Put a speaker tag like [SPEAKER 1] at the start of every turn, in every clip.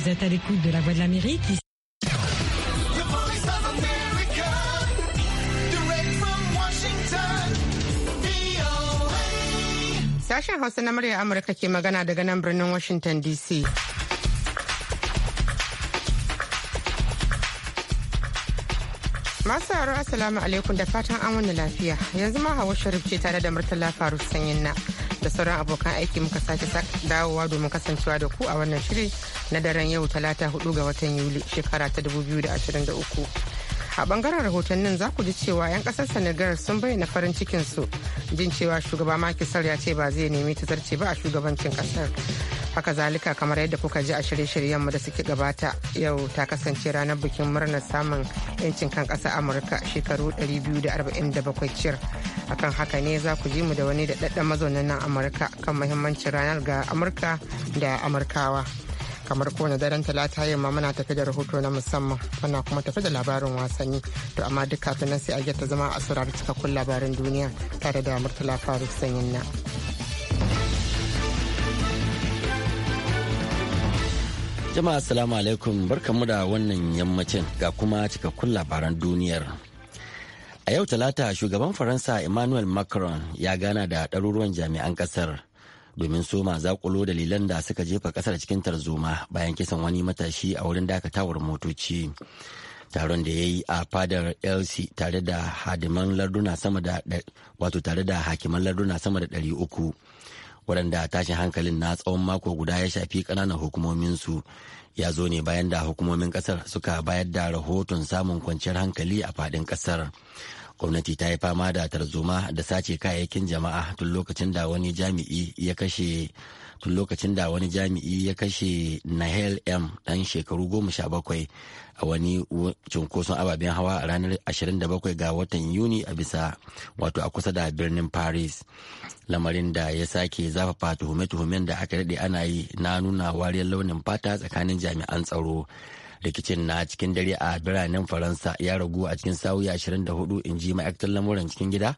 [SPEAKER 1] Vous êtes à l'écoute de la Voix de l'Amérique. Sashen Hausa na murya Amurka ke magana daga nan birnin Washington DC. Masu haro Assalamu alaikum da fatan an wani lafiya. Yanzu ma Hawa Sharif ce tare da Murtala faru Sanyin na. da sauran abokan aiki muka sake dawowa domin kasancewa da ku a wannan shiri na daren yau talata 4 ga watan yuli shekara ta 2023 a bangaren rahotannin za ku ji cewa 'yan kasar senegal sun bayyana farin cikin su jin cewa shugaba Macky Sall ya ce ba zai nemi ta zarce ba a shugabancin kasar haka zalika kamar yadda kuka ji a shirye-shiryen mu da suke gabata yau ta kasance ranar bikin murnar samun yancin kan ƙasar amurka shekaru 247 cir akan haka ne za ku ji mu da wani da mazaunin nan amurka kan muhimmancin ranar ga amurka da amurkawa. kamar kowane daren talata yamma muna tafi da rahoto na musamman muna kuma tafi da labarin wasanni to amma duk kafin nan sai a ta zama a saurari cikakkun labarin duniya tare da murtala faruk sanyin na.
[SPEAKER 2] jama'a assalamu alaikum barkamu da wannan yammacin ga kuma cikakkun labaran duniyar a yau talata shugaban faransa emmanuel macron ya gana da ɗaruruwan jami'an ƙasar domin soma zakulo dalilan da suka jefa kasar cikin tarzoma bayan kisan wani matashi a wurin dakatawar motoci taron da ya yi a fadar lc tare da hadiman larduna sama da wato tare da hakiman larduna sama da ɗari uku waɗanda tashin hankalin na tsawon mako guda ya shafi ƙananan hukumominsu ya zo ne bayan da hukumomin ƙasar suka bayar da rahoton samun kwanciyar hankali a faɗin ƙasar gwamnati ta yi fama da tarzoma da sace kayayyakin jama'a tun lokacin da wani jami'i ya kashe tun lokacin da wani jami'i ya kashe nahel m dan shekaru goma sha bakwai a wani cunkoson ababen hawa a ranar 27 ga watan yuni a bisa wato a kusa da birnin paris lamarin da ya sake zafafa tuhume-tuhumen da aka daɗe ana yi na nuna wariyar launin fata tsakanin jami'an tsaro rikicin na cikin dare a biranen faransa ya ragu a cikin sa'o'i 24 in ji ma'aikatar lamuran cikin gida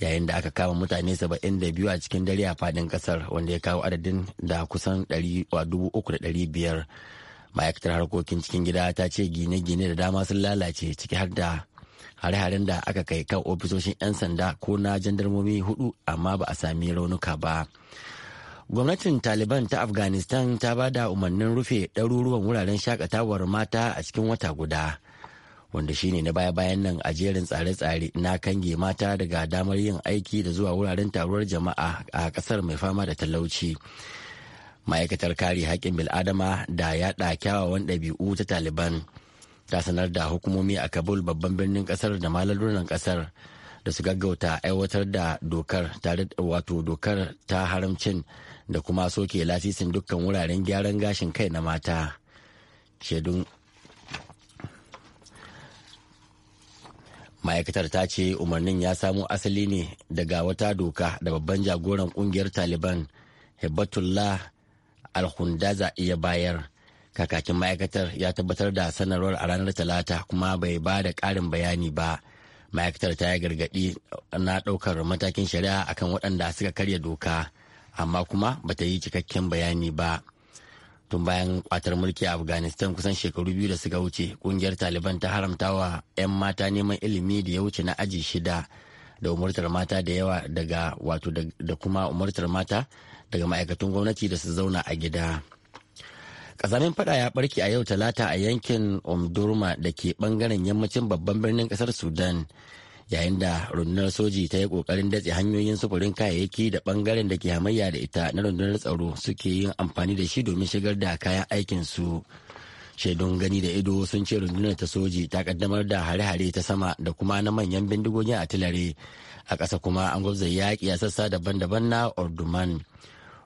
[SPEAKER 2] yayin da aka kama mutane 72 a cikin dare a fadin kasar wanda ya kawo adadin da kusan biyar ma'aikatar harkokin cikin gida ta ce gine-gine da dama sun lalace ciki har da hare-haren da aka kai kan ofisoshin 'yan sanda ko na jandarmomi hudu amma ba a sami raunuka ba. gwamnatin taliban ta afghanistan ta ba da umarnin rufe ɗaruruwan wuraren shakatawar mata a cikin wata guda wanda shine na baya-bayan nan a jerin tsare-tsare na kange mata daga damar yin aiki da zuwa wuraren taruwar jama'a a kasar mai fama da talauci ma'aikatar kare haƙƙin bil'adama da yaɗa kyawawan ɗabi'u ta taliban ta sanar da hukumomi a kabul babban birnin kasar da malalunan kasar da su gaggauta aiwatar da dokar tare wato dokar ta haramcin da kuma soke lasisin dukkan wuraren gyaran gashin kai na mata shaidun ma'aikatar ta ce umarnin ya samo asali ne daga wata doka da babban jagoran kungiyar taliban hibbatullah alhundaza iya bayar kakakin ma'aikatar ya tabbatar da sanarwar a ranar talata kuma bai ba da ƙarin bayani ba ma'aikatar ta yi gargaɗi na ɗaukar matakin shari'a akan waɗanda suka karya doka amma kuma bata yi cikakken bayani ba tun bayan kwatar mulki a afghanistan kusan shekaru biyu da suka wuce ƙungiyar taliban ta haramta wa 'yan mata neman ilimi da ya wuce na aji shida da umartar mata da yawa daga wato da kuma umartar mata daga ma'aikatan gwamnati da su zauna a gida. Kazamin fada ya barke a yau talata a yankin Omdurma da ke bangaren yammacin babban birnin kasar Sudan. Yayin da rundunar soji ta yi kokarin datse hanyoyin sufurin kayayyaki da bangaren da ke hamayya da ita na rundunar tsaro suke yin amfani da shi domin shigar da kayan aikin su. Shaidun gani da ido sun ce rundunar ta soji ta kaddamar da hare-hare ta sama da kuma na manyan bindigogin a tilare. A ƙasa kuma an gwabza yaƙi a sassa daban-daban na Orduman.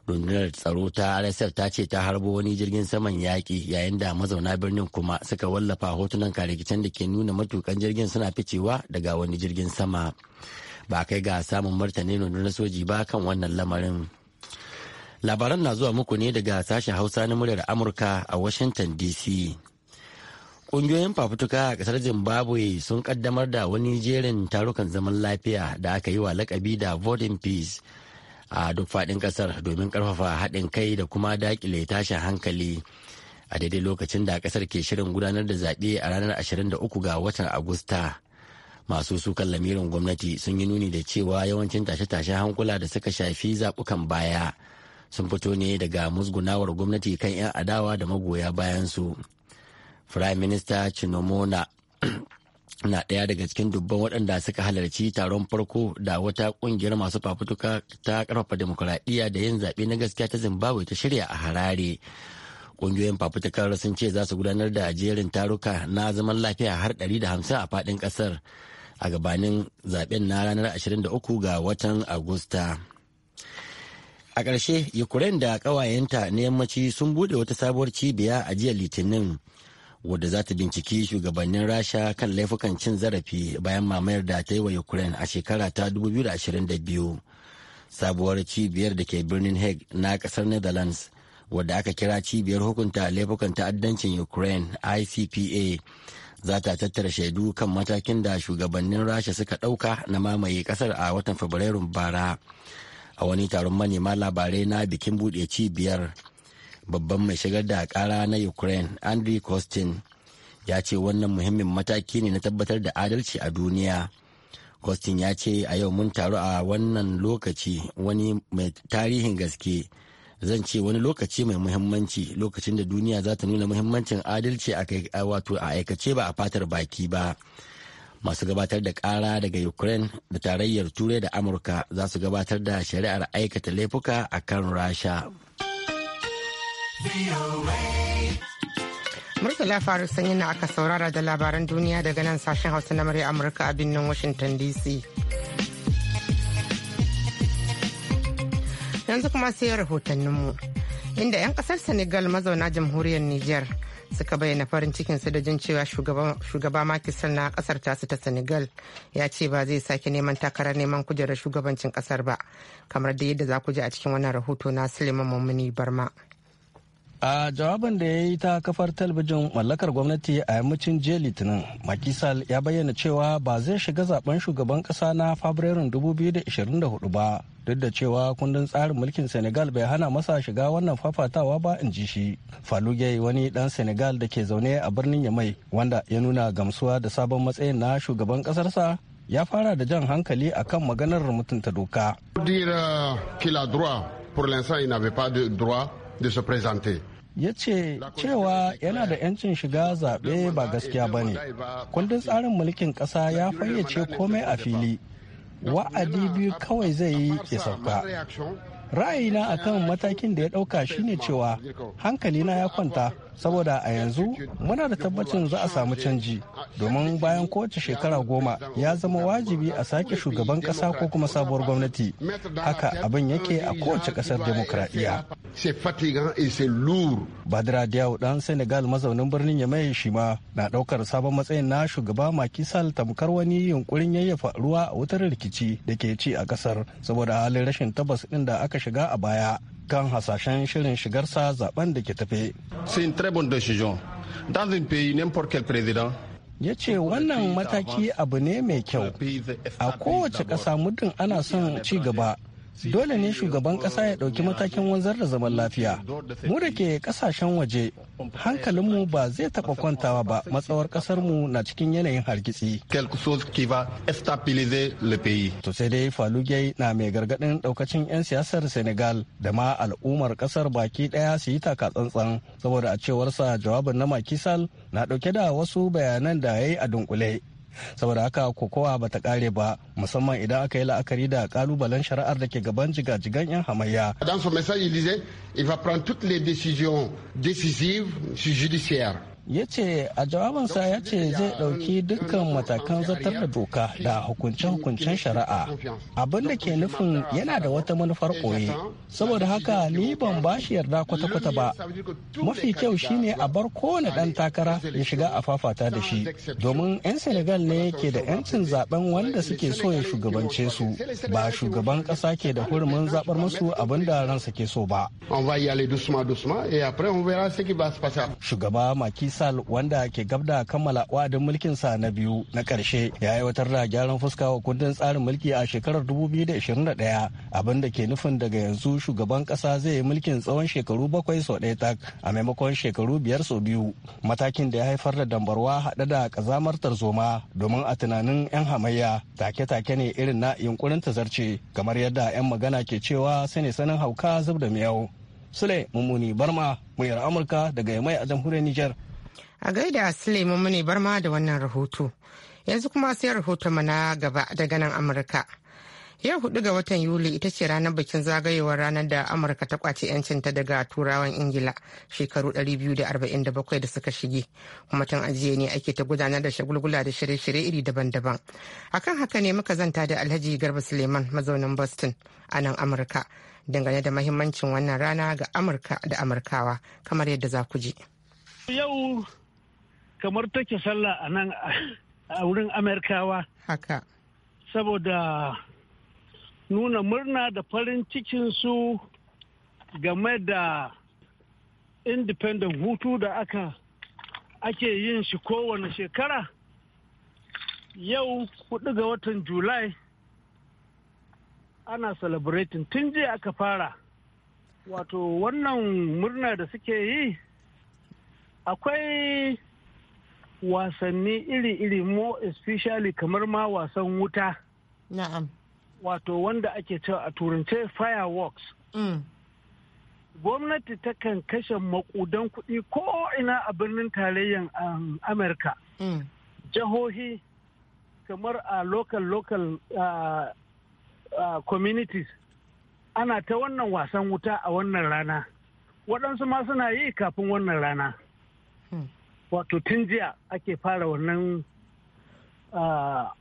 [SPEAKER 2] rundunar tsaro ta rsf ta ce ta harbo wani jirgin saman yaƙi yayin da mazauna birnin kuma suka wallafa hotunan karikicin da ke nuna matukan jirgin suna ficewa daga wani jirgin sama ba kai ga samun martani rundunar soji ba kan wannan lamarin labaran na zuwa muku ne daga sashen hausa na muryar amurka a washington dc Ƙungiyoyin fafutuka a ƙasar Zimbabwe sun ƙaddamar da wani jerin tarukan zaman lafiya da aka yi wa lakabi da Voting Peace a duk faɗin ƙasar domin ƙarfafa haɗin kai da kuma daƙile tashin hankali a daidai lokacin da ƙasar ke shirin gudanar da zaɓe a ranar 23 ga watan agusta masu sukan lamirin gwamnati sun yi nuni da cewa yawancin tashe-tashen hankula da suka shafi zaɓukan baya sun fito ne daga musgunawar gwamnati kan 'yan adawa da magoya bayansu. Firayim Minista Chinomona na ɗaya daga cikin dubban waɗanda suka halarci taron farko da wata ƙungiyar masu fafutuka ta ƙarfafa demokuraɗiyya da yin zaɓe na gaskiya ta zimbabwe ta shirya a harare ƙungiyoyin fafutukar sun ce za su gudanar da jerin taruka na zaman lafiya har 150 a faɗin ƙasar a gabanin zaɓen na ranar 23 ga watan agusta a ƙarshe ukraine da ƙawayenta na yammaci sun buɗe wata sabuwar cibiya a jiya litinin wadda za ta binciki shugabannin rasha kan laifukan cin zarafi bayan mamayar da ta yi wa ukraine a shekara ta 2022 sabuwar cibiyar da ke birnin hague na kasar netherlands wadda aka kira cibiyar hukunta laifukan ta'addancin ukraine icpa za ta tattara shaidu kan matakin da shugabannin rasha suka ɗauka na mamaye kasar a watan fabrairun bara a wani taron manema labarai na bikin buɗe cibiyar babban mai shigar da kara na ukraine andrew costin ya ce wannan muhimmin mataki ne na tabbatar da adalci a duniya kostin ya ce a yau mun taru a wannan lokaci wani mai tarihin gaske zan ce wani lokaci mai muhimmanci lokacin da duniya za ta nuna muhimmancin adalci a wato a aikace ba a fatar baki ba masu gabatar da kara daga ukraine da tarayyar turai da amurka za su gabatar da shari'ar aikata laifuka a kan rasha.
[SPEAKER 1] Murtala Faru sanyi na aka saurara da labaran duniya daga nan sashen Hausa na murya Amurka a birnin Washington DC. Yanzu kuma sai rahotanninmu. Inda 'yan kasar Senegal mazauna jamhuriyar Nijar suka bayyana farin cikinsu da jin cewa shugaba makisar na kasar tasu ta Senegal ya ce ba zai sake neman takarar neman kujerar shugabancin kasar ba, kamar da yadda za ku ji a cikin wannan rahoto na Suleiman Mummuni Barma.
[SPEAKER 3] a jawabin da ya yi ta kafar talabijin mallakar gwamnati a yammacin jiya litinin makisal ya bayyana cewa ba zai shiga zaben shugaban kasa na fabrairun 2024 ba duk da cewa kundin tsarin mulkin senegal bai hana masa shiga wannan fafatawa ba in ji shi faluge wani dan senegal da ke zaune a birnin yamai wanda ya nuna gamsuwa da sabon matsayin na shugaban kasarsa ya fara da jan hankali akan maganar mutunta doka.
[SPEAKER 4] pour l'instant il n'avait pas de droit de se
[SPEAKER 3] ya ce cewa yana da 'yancin shiga zaɓe ba gaskiya ba ne kundin tsarin mulkin ƙasa ya fayyace komai a fili wa'adi biyu kawai zai yi ya sauka ra'ayina akan matakin da ya ɗauka shine cewa hankalina ya kwanta saboda a yanzu muna da tabbacin za a samu canji domin bayan kowace shekara goma ya zama wajibi a sake shugaban kasa ko kuma sabuwar gwamnati haka abin yake a kowace kasar demokradiyya. Badra Diaw dan Senegal mazaunin birnin Yamai shi ma na ɗaukar sabon matsayin na shugaba makisal tamkar wani yunkurin yayyafa ruwa a wutar rikici da ke ci a kasar saboda halin rashin tabbas inda aka shiga a baya kan hasashen shirin shigarsa zaben da ke tafe. ya ce wannan mataki abu ne mai kyau a kowace ƙasa muddin ana son ci gaba dole ne shugaban kasa ya ɗauki matakin wanzar da zaman lafiya mu da ke kasashen waje hankalinmu ba zai taɓa kwantawa ba matsawar ƙasarmu na cikin yanayin hargitsi to sai dai falugai na mai gargaɗin ɗaukacin 'yan siyasar senegal da ma al'ummar ƙasar baki ɗaya su yi taka tsantsan saboda a cewarsa jawabin na makisal na ɗauke da wasu bayanan da ya yi a dunkule saboda haka kokowa bata ta kare ba musamman idan aka yi la'akari da kalubalen shari'ar da ke gaban jigajigan 'yan hamayya.
[SPEAKER 4] Dans son message, il disait, il va prendre toutes les décisions décisives
[SPEAKER 3] judiciaires. ya ce a jawabansa ya ce zai ɗauki dukkan matakan zartar da doka da hukunce-hukuncen shari'a abin da ke nufin yana da wata manufar koyi saboda haka ni ban bashi yarda kwata-kwata ba mafi kyau shine a bar kowane ɗan takara ya shiga a fafata da shi domin 'yan senegal ne ke da 'yancin zaben wanda suke so ya shugabance su ba shugaban ƙasa ke da hurumin zabar musu abin da ransa ke so ba shugaba maki faisal wanda ke gab da kammala wa'adin sa na biyu na ƙarshe ya aiwatar da gyaran fuska wa kundin tsarin mulki a shekarar 2021 abin da ke nufin daga yanzu shugaban ƙasa zai yi mulkin tsawon shekaru bakwai sau ɗaya tak a maimakon shekaru biyar sau biyu matakin da ya haifar da dambarwa haɗe da ƙazamar tarzoma domin a tunanin 'yan hamayya take-take ne irin na yunkurin tazarce kamar yadda 'yan magana ke cewa sani sanin hauka zub da miyau sule mummuni barma muryar amurka daga yamai a jamhuriyar nijar. A gaida Suleiman mune barma da wannan rahoto. Yanzu kuma sai
[SPEAKER 1] rahoton na gaba daga nan Amurka. Yau hudu ga watan Yuli ita ce ranar bikin zagayowar ranar da Amurka ta kwace 'yancinta daga turawan Ingila shekaru 247 da suka shige. Kuma tun ajiye ne ake ta gudanar da shagulgula da shirye-shirye iri daban-daban. Akan haka ne muka zanta da Alhaji Garba Suleiman mazaunin Boston a nan Amurka dangane da mahimmancin wannan rana ga Amurka da Amurkawa kamar yadda za ku ji.
[SPEAKER 5] kamar take sallah a nan a wurin amerikawa haka saboda nuna murna da farin cikinsu game da independent hutu da aka ake yin shi kowane shekara yau kudu ga watan julai ana celebrating tun jiya aka fara wato wannan murna da suke yi akwai wasanni iri-iri mo especially kamar ma wasan wuta na'am wato wanda ake cewa a turance fireworks gwamnati mm. gwamnati takan kashe makudan kuɗi ko ina a birnin tarayyan um, amurka mm. jihohi kamar a local local uh, uh, communities ana ta wannan wasan wuta a wannan rana waɗansu ma suna yi kafin wannan rana hmm. wato tun jiya ake fara wannan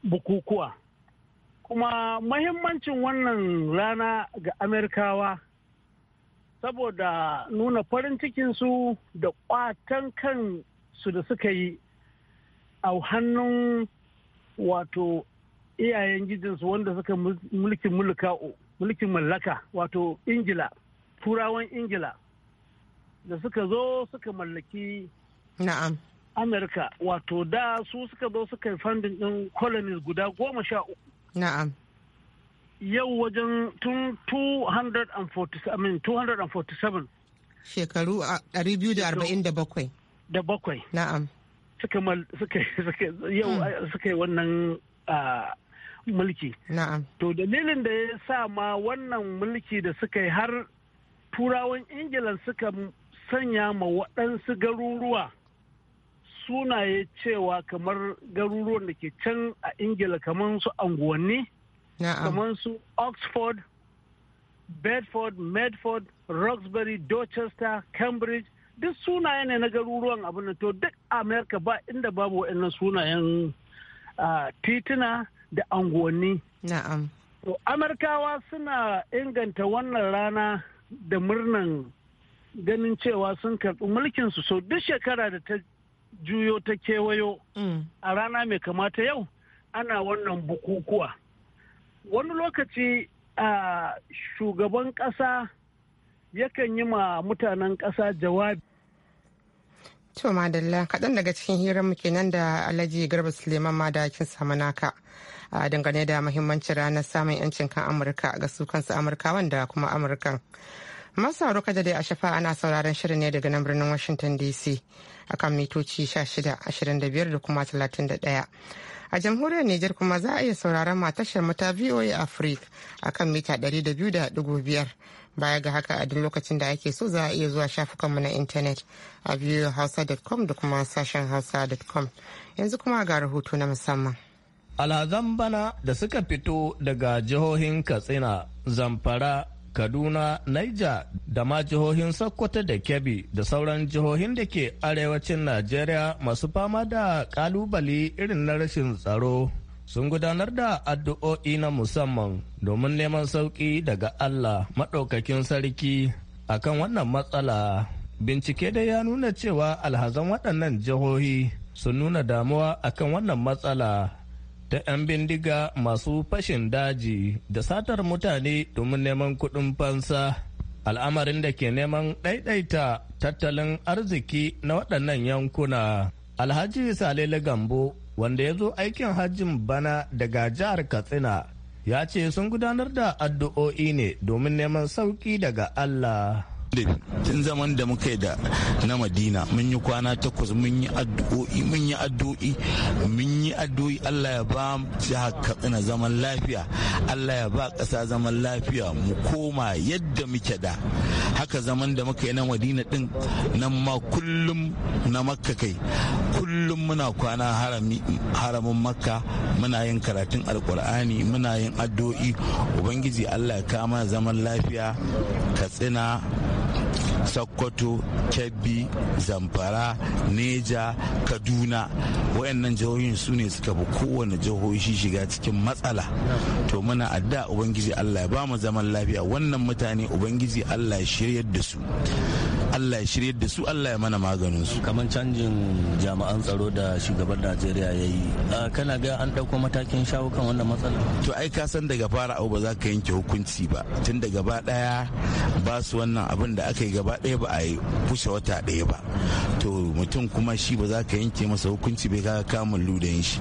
[SPEAKER 5] bukukuwa kuma mahimmancin wannan rana ga amerikawa saboda nuna farin cikinsu da kwatan kan su da suka yi a hannun wato iyayen gijinsu wanda suka mulkin mulkin mallaka wato ingila turawan ingila da suka zo suka mallaki Na'am. Amurka wato da su suka zo suka yi fandin ɗin colonies guda goma sha uku. Na'am. Yau wajen tun 247. Shekaru 247. Da bakwai. Na'am. Suka yau hmm. suka yi wannan mulki. Na'am. To dalilin da ya sa ma wannan mulki da suka yi har turawan Ingilan suka sanya ma waɗansu garuruwa. sunaye cewa kamar garuruwan da ke can a ingila kamar su anguwanni kamar su oxford bedford medford roxbury dorchester cambridge duk sunaye ne na garuruwan abin to duk america ba inda babu waɗannan sunayen tituna da anguwanni to amurkawa suna inganta wannan rana da murnan ganin cewa sun karɓi mulkinsu so duk shekara da ta juyo ta kewayo mm. a rana mai kamata yau ana wannan bukukuwa wani lokaci a shugaban ƙasa yakan yi ma mutanen ƙasa jawabi
[SPEAKER 1] To madalla kaɗan daga cikin hirar mu nan da Alhaji Garba Suleiman Madakin naka a dangane da muhimmancin ranar samun yancin kan Amurka ga su kansu Amurkawan da kuma Amurkan. Masu haruka kada dai a shafa ana sauraron shirin ne daga nan birnin Washington DC akan mitoci 1625 da kuma 31. A jamhuriyar Nijar kuma za a iya sauraron matashar mata VOA Africa akan mita 200.5. Baya ga haka a duk lokacin da ake so za a iya zuwa shafukanmu na intanet a voahausa.com da kuma sashen hausa.com. Yanzu kuma ga rahoto na musamman.
[SPEAKER 6] Alhazan bana da suka fito daga jihohin Katsina, Zamfara, kaduna niger da ma jihohin sokoto da kebbi da sauran jihohin da ke arewacin najeriya masu fama da kalubale irin na rashin tsaro sun gudanar da addu'o'i na musamman domin neman sauƙi daga allah maɗaukakin sarki akan wannan matsala bincike dai ya nuna cewa alhazan waɗannan jihohi sun nuna damuwa akan wannan matsala ta 'yan bindiga masu fashin daji da satar mutane domin neman kuɗin fansa al'amarin da ke neman ɗaiɗaita tattalin arziki na waɗannan yankuna alhaji salele gambo wanda ya zo aikin hajjin bana daga jihar katsina ya ce sun gudanar da addu'o'i ne domin neman
[SPEAKER 7] sauƙi daga allah tun zaman da muka yi da na madina mun yi kwana takwas mun yi addu'o'i mun yi addu'o'i mun yi addu'o'i allah ya ba jiha katsina zaman lafiya allah ya ba ƙasa zaman lafiya mu koma yadda muke da haka zaman da muka yi na madina din nan ma kullum na makka kai kullum muna kwana haramin makka muna yin karatun alkur'ani muna yin addu'o'i ubangiji allah ya kama zaman lafiya katsina sokoto kebbi zamfara neja kaduna wayannan jihohin su ne suka fi kowane jihohi shiga cikin matsala to muna adda ubangiji allah ya ba mu zaman lafiya wannan mutane ubangiji allah ya shiryar da su Allah ya shirye da su Allah ya mana maganin su kamar canjin jami'an tsaro da shugaban Najeriya ya yi
[SPEAKER 6] kana ga an ɗauko matakin shawo kan wannan matsala
[SPEAKER 7] to ai ka san daga fara abu ba za ka yanke hukunci ba tun da gaba ɗaya ba su wannan abin da aka yi gaba ɗaya ba a yi kusa wata ɗaya ba to mutum kuma shi ba za ka yanke masa hukunci bai ka kama ludayin shi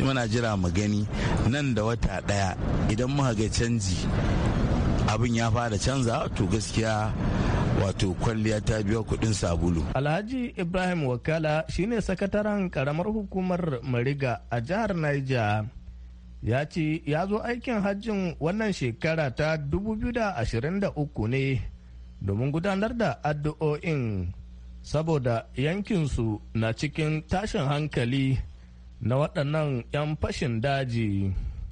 [SPEAKER 7] muna jira mu gani nan da wata ɗaya idan muka ga canji abin ya fara canza to gaskiya wato kwalliya ta biya kuɗin sabulu. Alhaji Ibrahim
[SPEAKER 6] Wakala shi ne sakataren karamar hukumar Mariga a jihar Niger. Ya ce ya zo aikin hajjin wannan shekara ta 2023 ne domin gudanar da addu'o'in saboda yankinsu na cikin tashin hankali na waɗannan 'yan fashin daji.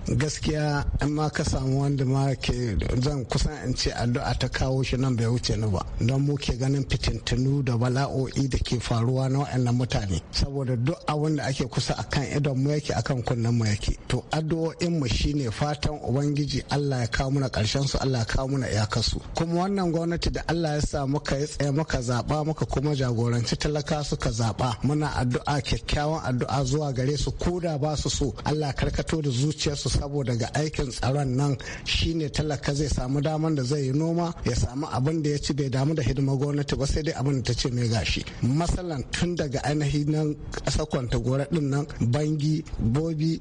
[SPEAKER 4] gaskiya in ma ka samu wanda ma ke zan kusan in ce addu'a ta kawo shi nan bai wuce ni ba don mu ke ganin fitintunu da bala'o'i da ke faruwa na wa'annan mutane saboda duk abin da ake kusa a kan idon mu yake akan kunnen mu yake to addu'o'in mu shine fatan ubangiji Allah ya kawo muna karshen su Allah ya kawo muna iyakar su kuma wannan gwamnati da Allah ya sa muka ya tsaya muka zaba muka kuma jagoranci talaka suka zaba muna addu'a kyakkyawan addu'a zuwa gare su koda ba su so Allah karkato da zuciyarsu su saboda ga aikin tsaron nan shine talaka zai samu daman da zai yi noma ya samu abin da ya ci bai damu da hidimar gwamnati ba sai dai abin da ta ce mai gashi masalan tun daga ainihin nan ƙasa kwanta gora din nan bangi bobi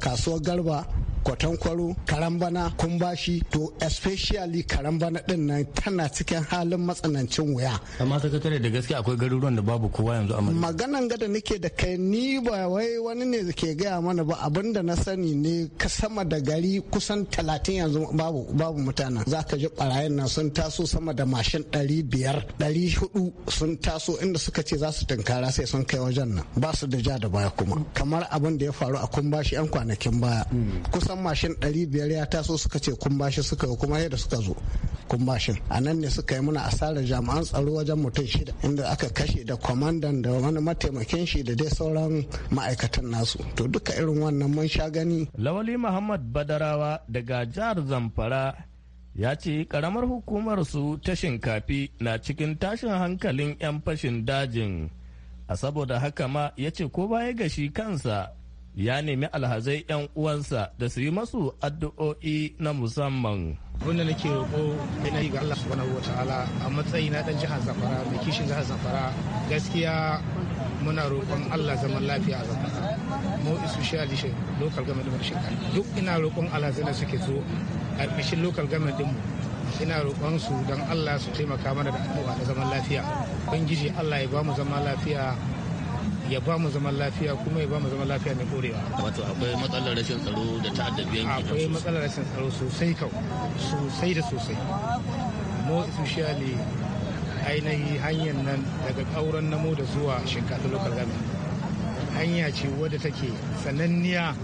[SPEAKER 4] kasuwar garba kwatankwaro karambana kumbashi to especially karambana din nan tana cikin halin matsanancin wuya
[SPEAKER 6] amma sakatare da gaske akwai garuruwan da babu kowa yanzu
[SPEAKER 3] a
[SPEAKER 4] maganan gada nake da kai ni ba wai wani ne ke gaya mana ba abin da na sani ne ka sama da gari kusan talatin yanzu babu babu mutanen zaka ji barayin nan sun taso sama da mashin ɗari biyar ɗari hudu sun taso inda suka ce za su tunkara sai sun kai wajen nan ba su da ja da baya kuma kamar abin da ya faru a kumbashi yan kwanakin baya hmm. kusan kusan mashin 500 ya taso suka ce kun bashi suka kuma yadda suka zo kun bashin a nan ne suka yi muna asarar jami'an tsaro wajen mutum shida inda aka kashe da kwamandan da wani mataimakin shi da dai sauran ma'aikatan nasu to duka irin wannan mun sha gani lawali muhammad
[SPEAKER 6] badarawa daga jihar zamfara ya ce karamar hukumar su ta shinkafi na cikin tashin hankalin 'yan fashin dajin a saboda haka ma ya ce ko baya ga kansa ya nemi alhazai 'yan uwansa da su yi masu addu'o'i na musamman.
[SPEAKER 7] abinda nake roƙo yana yi ga Allah subhanahu wa ta'ala a matsayi na ɗan jihar Zamfara mai kishin jihar Zamfara gaskiya muna roƙon Allah zaman lafiya a Zamfara mu isu shi local government shekara duk ina roƙon Allah zai suke zo a ƙarshen local government mu. ina roƙon su don Allah su taimaka mana da addu'a na zaman lafiya ubangiji Allah ya ba mu zama lafiya ya ba mu zaman lafiya kuma ya ba mu zaman lafiya mai korewa. wato akwai matsalar rashin tsaro da ta'addabi akwai matsalar
[SPEAKER 3] rashin tsaro sosai kau sosai da sosai
[SPEAKER 7] mo especially ainihin hanyar nan daga kauran namo da zuwa shinkafa lokal gami. hanya ce wadda take sananniya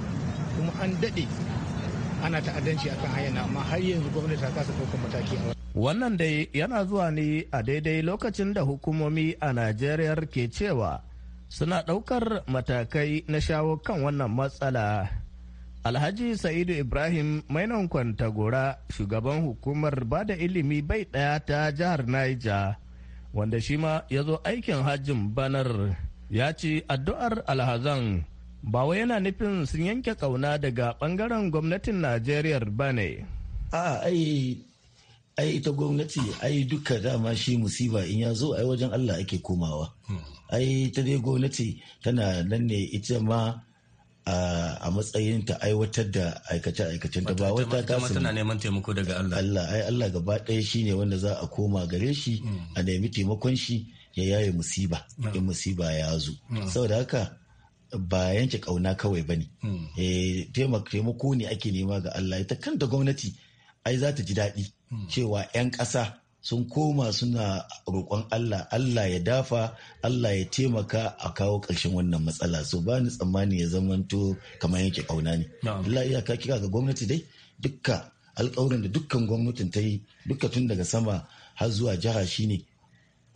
[SPEAKER 7] kuma an daɗe ana ta'addanci akan hanyar amma har yanzu gwamnati ta kasa ɗaukar mataki
[SPEAKER 6] wannan dai yana zuwa ne a daidai lokacin da hukumomi a najeriya ke cewa suna ɗaukar matakai na shawo kan wannan matsala. Alhaji Sa'idu Ibrahim mainan kwantagora shugaban hukumar bada ilimi bai ɗaya ta jihar Naija. wanda shi ma ya zo aikin hajjin banar ya ce addu'ar alhazan ba wai yana nufin sun yanke ƙauna daga ɓangaren gwamnatin Najeriya ba ne.
[SPEAKER 7] ai ita gwamnati ai duka dama shi musiba in ya zo ai wajen Allah ake komawa ai ta dai gwamnati tana nan ne ita ma a matsayin ta
[SPEAKER 2] aiwatar da aikace-aikacen ta ba wata ta tana neman taimako daga
[SPEAKER 7] Allah Allah ai Allah gaba ɗaya shine wanda za a koma gare shi a nemi taimakon shi ya yaye musiba in musiba ya zo saboda haka ba yanke kauna kawai bane hmm. eh taimako ne ake nema ga Allah ita kanta gwamnati ai za ta ji daɗi hmm. cewa 'yan ƙasa sun koma suna roƙon Allah Allah ya dafa Allah ya taimaka a kawo ƙarshen wannan matsala so ba ni tsammani ya zamanto kamar yake ƙauna ne. Allah ka kira ga gwamnati dai dukka alƙawarin da dukkan gwamnatin ta yi dukka tun daga sama har zuwa jiha shine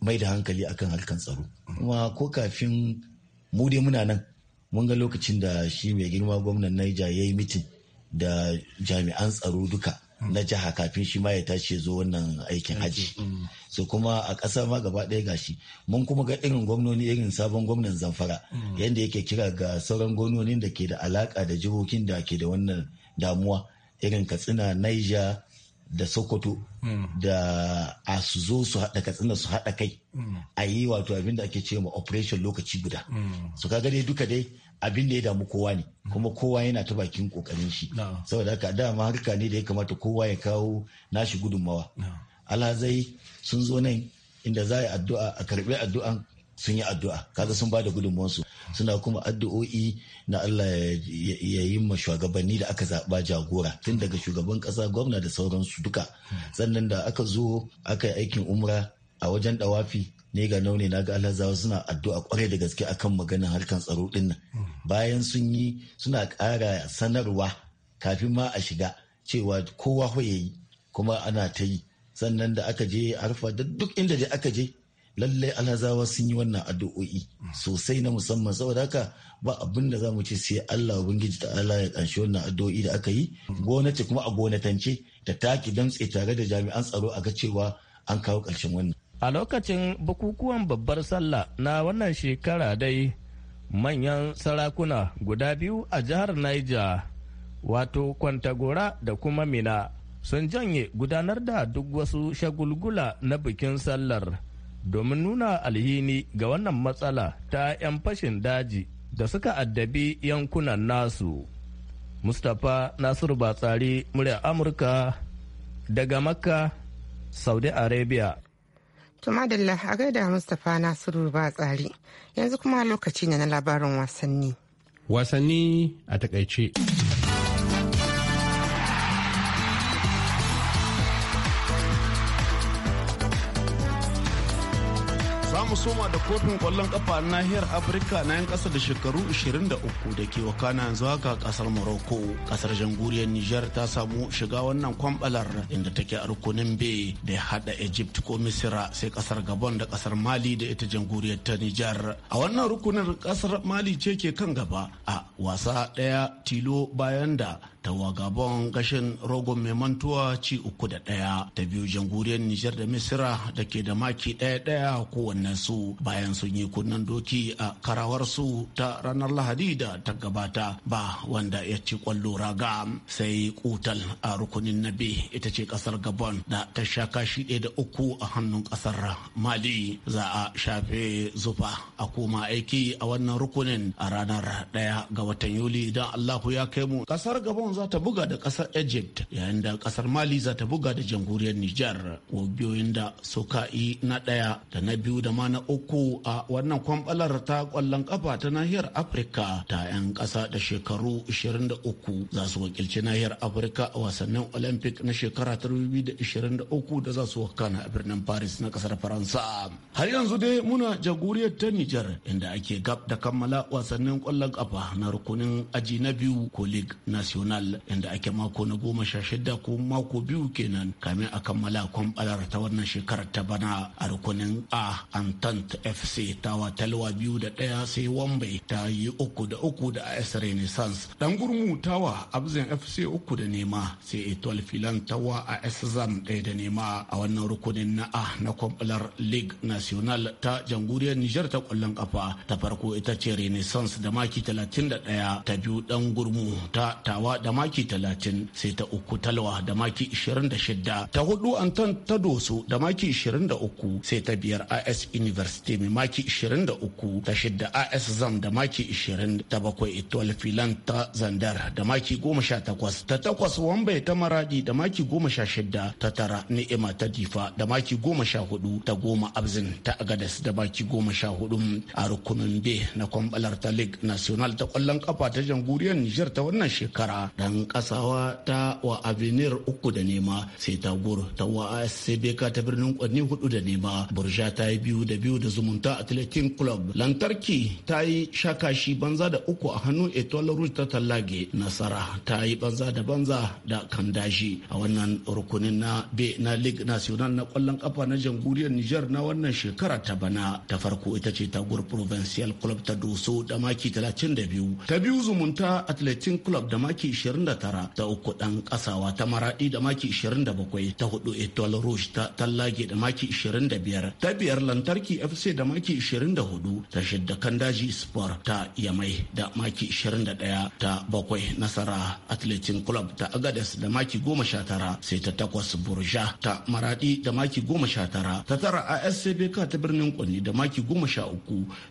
[SPEAKER 7] mai da hankali akan harkan tsaro. Hmm. Kuma ko kafin mu dai muna nan mun ga lokacin da shi mai girma gwamnan Naija ya yi mitin da jami'an tsaro duka. na jiha kafin shi ma ya tashi zo wannan aikin hajji mm. so kuma a ƙasa ma gaba ɗaya gashi mun kuma ga irin gwamnoni irin sabon gwamnan zamfara mm. yadda yake kira ga sauran gwamnonin da ke da alaƙa da jihohin da ke da wannan damuwa irin katsina niger da sokoto mm. da a su zo su haɗa katsina su haɗa kai mm. a yi wato abin da ake cewa operation lokaci guda mm. su ka dai duka dai abin da ya damu kowa ne kuma kowa yana ta bakin kokarin shi saboda haka dama harka ne da ya kamata kowa ya kawo nashi gudunmawa alhazai sun zo nan inda za a addu'a a addu'an sun yi addu'a kaga sun ba da gudunmuwansu suna kuma addu'o'i na Allah ya yi ma shugabanni da aka zaɓa jagora tun daga shugaban kasa gwamna da sauransu duka sannan da aka zo aka yi aikin umra a wajen dawafi ne ga naune na ga zawa suna addu'a kwarai da gaske akan maganin harkan tsaro din bayan sun yi suna ƙara sanarwa kafin ma a shiga cewa kowa ya yi kuma ana ta yi sannan da aka je harfa da duk inda da aka je lallai alhazawa sun yi wannan addu'o'i sosai na musamman saboda haka ba abin da za mu ce sai Allah ubangiji ta Allah ya ƙanshi wannan addu'o'i da aka yi gonace kuma a gonatance ta taki dantse tare da jami'an tsaro a ga cewa an kawo ƙarshen wannan
[SPEAKER 6] a lokacin bukukuwan babbar sallah na wannan shekara dai manyan sarakuna guda biyu a jihar Niger wato Kwantagora da kuma Mina sun janye gudanar da duk wasu shagulgula na bikin sallar domin nuna alhini ga wannan matsala ta 'yan fashin daji da suka addabi yankunan nasu. Mustapha Nasiru Batsari murya Amurka daga Makka, Saudi Arabia.
[SPEAKER 1] Tumadalla a gaida Mustapha Nasiru Batsari yanzu kuma lokaci ne na labarin wasanni.
[SPEAKER 3] Wasanni a takaice.
[SPEAKER 7] mu soma da kofin kwallon kafa nahiyar Afirka na 'yan kasa da shekaru 23 da ke wakana yanzu haka kasar Morocco. Kasar jamhuriyar niger ta samu shiga wannan kwambalar inda take a rukunin B da ya hada Egypt ko Misira sai kasar Gabon da kasar Mali da ita jamhuriyar ta niger A wannan rukunin kasar Mali ce ke kan gaba a wasa daya tilo bayan da ta wagabon gashin rogon mai mantuwa ci uku da ɗaya ta biyu jamhuriyar nijar da misira da ke da maki ɗaya ɗaya kowannen su bayan sun yi kunnen doki a karawar su ta ranar lahadi da ta gabata ba wanda ya ci kwallo raga sai kutal a rukunin nabe ita ce kasar gabon da ta sha kashi ɗaya da uku a hannun kasar mali za a shafe zufa a koma aiki a wannan rukunin a ranar ɗaya ga watan yuli idan allahu ya kai mu kasar gabon Gabon za ta buga da kasar Egypt yayin da kasar Mali za ta buga da jamhuriyar Nijar. wabiyoyin da yi na ɗaya da na biyu da ma na uku a wannan kwambalar ta kwallon kafa ta nahiyar Afirka ta 'yan ƙasa da shekaru 23 za su wakilci nahiyar Afirka a wasannin Olympic na shekara ta 2023 da za su wakana a birnin Paris na kasar Faransa. Har yanzu dai muna jagoriyar ta Niger inda ake gab da kammala wasannin kwallon kafa na rukunin aji na biyu ko League National nal inda ake mako na goma sha shida ko mako biyu kenan kamin a kammala kwambalar ta wannan shekarar ta bana a rukunin a antant fc ta watalwa biyu da ɗaya sai wambai ta yi uku da uku da as renaissance dan gurmu tawa abzin fc uku da nema sai etoile filan tawa a as zam ɗaya da nema a wannan rukunin na a na kwambalar league national ta jamhuriyar nijar ta kwallon kafa ta farko ita ce renaissance da maki 31 ta biyu dan gurmu ta tawa da maki 30 sai ta uku talwa da maki 26 ta hudu anton ta doso da maki 23 sai ta biyar is university mai maki 23 ta shida is zam da maki 20 ta bakwai itwal filan ta zandar da maki 18 ta takwas wamba ta maradi da maki 16 ta tara ni'ima ta difa da maki 14 ta goma abzin ta agadas da maki 14 a rukunin b na kwambalar ta league national ta kwallon kafa ta jamhuriyar niger ta wannan shekara dan kasawa ta wa avenir uku da nema sai tagur ta wa asbk ta birnin kwanni hudu da nema burja ta yi biyu da biyu da zumunta athletic club lantarki ta yi shakashi banza da uku a hannun etoile rouge ta tallage nasara ta yi banza da banza da kandashi a wannan rukunin na b na league national na kwallon kafa na jamhuriyar niger na wannan shekara ta bana ta farko ita ce ta gur provincial club ta doso da maki 32 ta biyu zumunta athletic club da maki 29 ta uku dan kasawa ta maradi da maki 27 ta hudu etol rouge ta tallage da maki 25 ta biyar lantarki fc da maki 24 ta shidda kan daji sport ta yamai da maki 21 ta bakwai nasara athletic club ta agades da maki 19 sai ta takwas burja ta maradi da maki 19 ta tara a scbk ta birnin kwanni da maki 13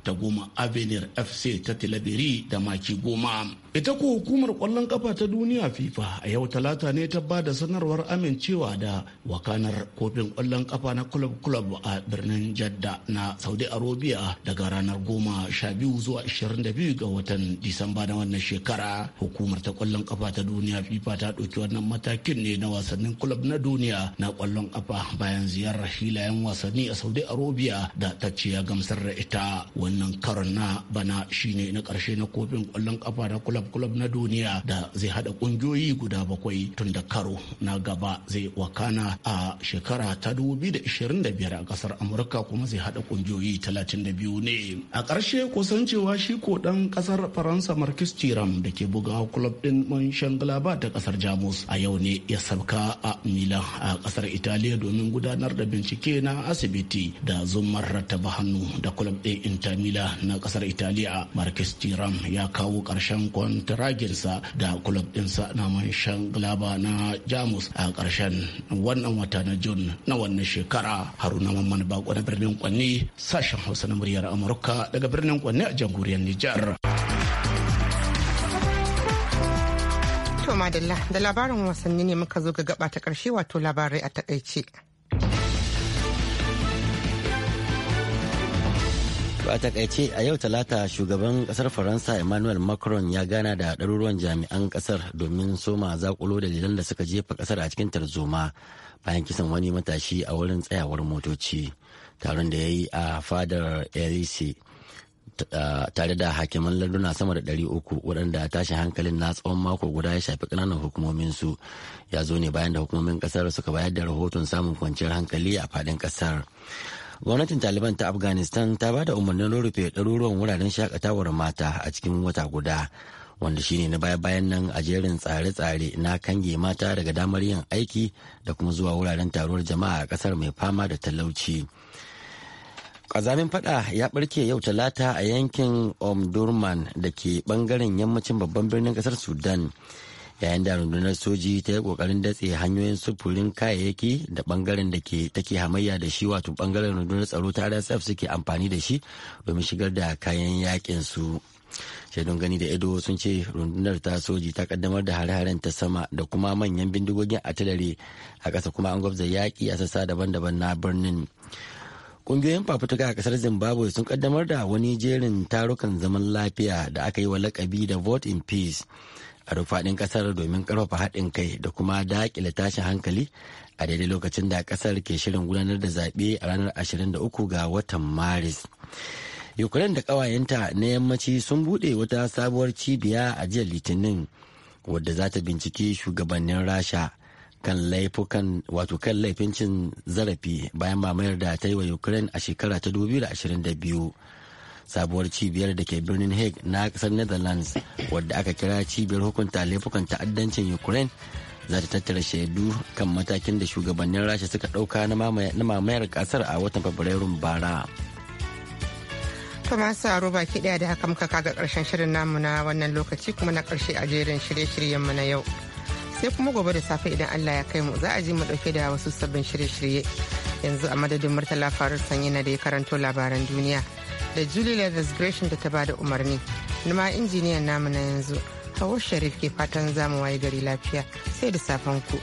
[SPEAKER 7] ta goma avenir fc ta tilabiri da maki goma. Ita ko hukumar kwallon kafa ta duniya FIFA a yau talata ne ta ba da sanarwar amincewa da wakanar kofin kwallon kafa na club club a birnin Jadda na Saudi Arabia daga ranar goma sha biyu zuwa ashirin da biyu ga watan Disamba na wannan shekara. Hukumar ta kwallon kafa ta duniya FIFA ta ɗauki wannan matakin ne na wasannin club na duniya na kwallon kafa bayan ziyarar filayen wasanni a Saudi Arabia da ta ce ya gamsar da ita. Wannan karon na bana shine na ƙarshe na kofin kwallon kafa na club club club na duniya da zai hada kungiyoyi guda bakwai tun da karo na gaba zai wakana a shekara ta 2025 a kasar amurka kuma zai hada kungiyoyi 32 ne a ƙarshe kusancewa shi ko dan kasar faransa marcus tiram da ke buga club din galaba ta kasar jamus a yau ne ya sabka a milan a kasar italiya domin gudanar da bincike na asibiti da zumar rattaba hannu da club din inter milan na kasar italiya marcus tiram ya kawo karshen kwan taragirsa da kulab ɗinsa na manshan glaba na jamus a ƙarshen wannan wata na jun na wannan shekara haruna mamman bako na birnin kwanni sashen hausa na muryar amurka daga birnin kwanni a jamhuriyar nijar
[SPEAKER 1] to madalla da labarin wasanni ne muka zo ga gaba ta ƙarshe wato labarai a takaice
[SPEAKER 2] a takaice a yau talata shugaban kasar Faransa Emmanuel Macron ya gana da ɗaruruwan jami'an kasar domin soma zakulo dalilan da suka jefa kasar a cikin tarzoma bayan kisan wani matashi a wurin tsayawar motoci taron da ya yi a fadar Elise tare da hakiman larduna sama da ɗari uku waɗanda tashi hankalin na tsawon mako guda ya shafi ƙananan hukumominsu ya zo ne bayan da hukumomin kasar suka bayar da rahoton samun kwanciyar hankali a fadin kasar. gwamnatin taliban ta afghanistan ta ba da umarnin rurrufe ɗaruruwan wuraren shakatawar mata a cikin wata guda wanda shine na baya-bayan nan a jerin tsare-tsare na kange mata daga damar yin aiki da kuma zuwa wuraren taruwar jama'a a kasar mai fama da talauci ƙazamin fada ya ɓarke yau talata a yankin omdurman da ke bangaren yammacin babban birnin ƙasar sudan yayin da rundunar soji ta yi kokarin datse hanyoyin sufurin kayayyaki da bangaren da ke take hamayya da shi wato bangaren rundunar tsaro ta rsf suke amfani da shi domin shigar da kayan yakin su shaidun gani da ido sun ce rundunar ta soji ta kaddamar da hare-haren ta sama da kuma manyan bindigogin a atilare a ƙasa kuma an gwabza yaƙi a sassa daban-daban na birnin ƙungiyoyin fafutuka a kasar zimbabwe sun kaddamar da wani jerin tarukan zaman lafiya da aka yi wa lakabi da vote in peace a rufaɗin faɗin ƙasar domin ƙarfafa haɗin kai da kuma daƙile tashin hankali a daidai lokacin da ƙasar ke shirin gudanar da zaɓe a ranar 23 ga watan maris ukraine da ƙawayenta na yammaci sun buɗe wata sabuwar cibiya a jiya litinin wadda za ta binciki shugabannin rasha kan laifukan wato kan laifin cin zarafi bayan mamayar da ta yi wa ukraine a shekara ta 2022 sabuwar cibiyar da ke birnin hague na kasar netherlands wadda aka kira cibiyar hukunta laifukan ta'addancin ukraine za ta tattara shaidu kan matakin da shugabannin rasha suka dauka na mamayar kasar a watan fabrairun bara
[SPEAKER 1] To masu aro baki daya da haka muka kaga karshen shirin namu na wannan lokaci kuma na karshe a jerin shirye-shiryenmu na yau. sai kuma gobe da safe idan Allah ya kai mu za a ji mu dauke da wasu sabbin shirye-shirye yanzu a madadin murtala faru sanyi na da ya karanto labaran duniya da julie leathers gresham da ta bada umarni numa injiniyan namu na yanzu hawa sharif ke fatan zamu waye gari lafiya sai da safen ku.